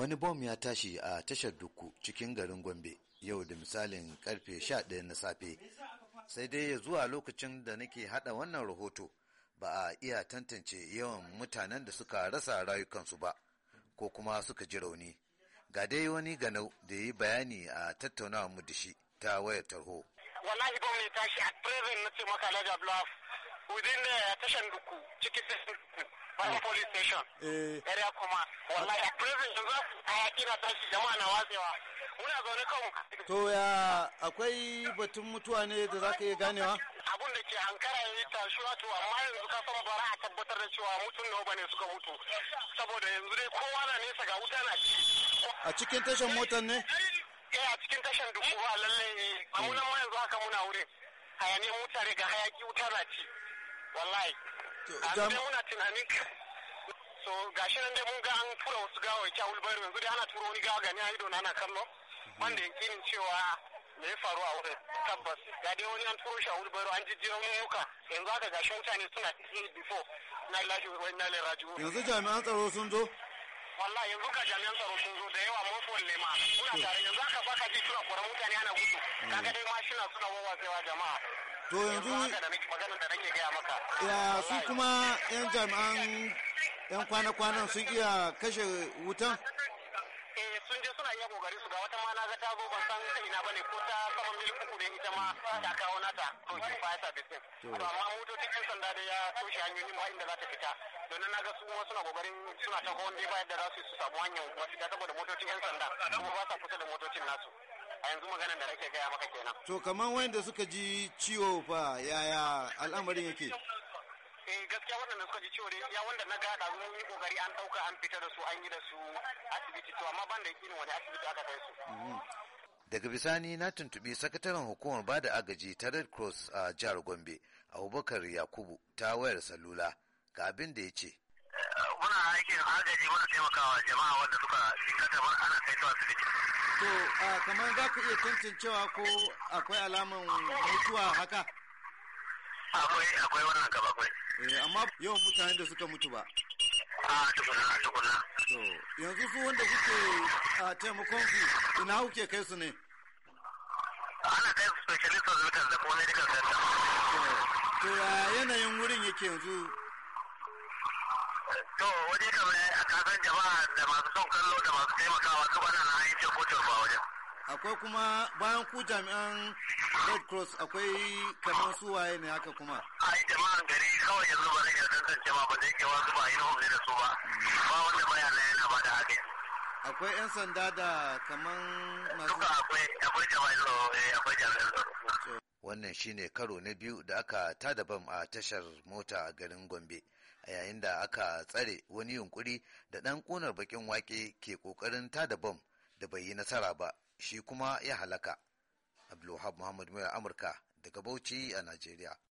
wani bom ya tashi a tashar duku cikin garin gombe yau da misalin karfe 11 na safe sai dai ya zuwa lokacin da nake hada wannan rahoto ba a iya tantance yawan mutanen da suka rasa rayukansu ba ko kuma suka ji rauni ga dai wani ganau da ya yi bayani a tattaunawa mu da shi ta wayar tarho wallahi bom ne tashi a present na maka lada bluff within the tashan duku cikin tashan duku bayan ah. police station eh. area kuma wallahi prison A hayaki na tashi jama'a na watsewa muna zaune kan to ya akwai batun mutuwa ne da zaka iya ganewa abun da ke hankara ya yi tashuwa to amma yanzu ka san bara a tabbatar da cewa mutum nawa bane suka mutu saboda yanzu dai kowa na nesa ga wuta na ci a cikin tashan motar ne eh a cikin tashan duku ba lalle a munan ma yanzu haka muna wurin hayaniyar mutane ga hayaki wuta na ci wallahi a dai muna tunanin so gashi nan dai mun ga an tura wasu ya kyawul bayar yanzu dai ana turo wani gawa gani a ido na ana kallo wanda yakinin cewa me ya faru a wurin tabbas ga dai wani an turo shi a bayar an jijjira yauka yanzu haka gashi wancan ne suna cikin before na lashe wani na lera jiwo yanzu jami'an tsaro sun zo wallahi yanzu ka jami'an tsaro sun zo da yawa motsin lema muna tare yanzu haka baka ji tura kwaran mutane ana gudu mm. kaga dai mashina suna wawasewa jama'a to yanzu nake gaya maka ya su kuma yan jami'an yan kwana-kwanan sun iya kashe wutan eh sun je suna iya kokari su ga wata ma na ga ta zo ban san ina ba ne ko ta saman mil uku ne ita ma ta kawo nata to ki fa ta bisin to amma motocin yan sanda da ya toshe hanyoyin ba inda za ta fita don na ga su kuma suna kokarin suna ta gonde ba da za su samu hanyar mafita saboda motocin yan sanda kuma ba sa kusa da motocin nasu a yanzu maganar da nake gaya maka kenan to kaman wanda suka ji ciwo fa yaya al'amarin yake eh gaskiya waɗanda suka ji ciwo dai ya wanda na gada mun yi kokari an ɗauka an fita da su an yi da su asibiti to amma ban da yakinin wani asibiti aka kai su mm-hmm. daga bisani na tuntubi sakataren hukumar ba da agaji ta red cross a jihar gombe abubakar yakubu ta wayar salula ga abin da ya ce muna aikin agaji muna taimakawa jama'a wanda suka jikata mana ana kai su asibiti. To kamar za ka iya tantancewa ko akwai alaman mutuwa haka? Akwai akwai wannan gaba akwai. Eh, amma yawan mutanen da suka mutu ba. A tukuna a tukuna. To yanzu su wanda kuke taimakon su ina kuke kai su ne? Ana kai su specialist hospital da kuma medical center. To ya yanayin wurin yake yanzu To waje da masu da masu taimakawa su bana na hanyar wajen. Akwai kuma bayan ku jami'an Red Cross akwai kamar su waye ne haka kuma. Ai jama'an gari kawai yanzu ba zai tantance ma ba zai kewa su ba yin homle da su ba. Ba wanda baya yana yana ba da haka. Akwai 'yan sanda da kamar masu. Duka akwai akwai jami'an eh, akwai jami'an tsaro. wannan shine karo na biyu da aka tada bam a tashar mota a garin gombe a yayin da aka tsare wani yunkuri da ɗan ƙunar bakin wake ke ƙoƙarin tada bam da bai yi nasara ba shi kuma ya halaka abdulwahab muhammad mai amurka daga bauchi a najeriya